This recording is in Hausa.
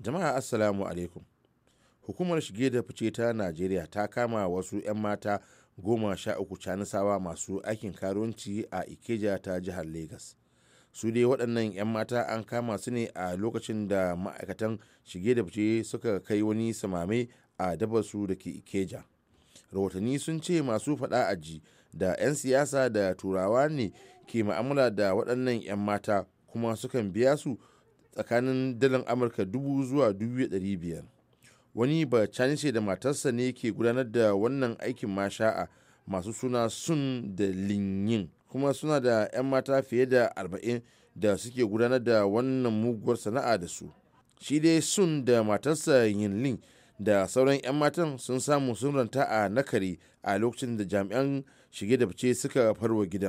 jama'a assalamu alaikum hukumar shige da fice ta najeriya ta kama wasu 'yan mata goma sha uku canisawa masu aikin karuwanci a ikeja ta jihar Legas. su dai waɗannan 'yan mata an kama su ne a lokacin da ma'aikatan shige da fice suka kai wani samame a dabarsu da ke ikeja rahotanni sun ce masu faɗa aji da 'yan siyasa da turawa ne ke ma'amala da waɗannan 'yan mata kuma sukan biya su tsakanin dalar amurka dubu zuwa dubu biyar wani ba ce da matarsa ne ke gudanar da wannan aikin masha'a masu suna sun da linyin kuma suna da 'yan mata fiye da 40 da suke gudanar da wannan muguwar sana'a da su shi dai sun da matarsa yin lin da sauran 'yan matan sun samu sun ranta a nakari a lokacin da jami'an shige da fice suka farwa gidan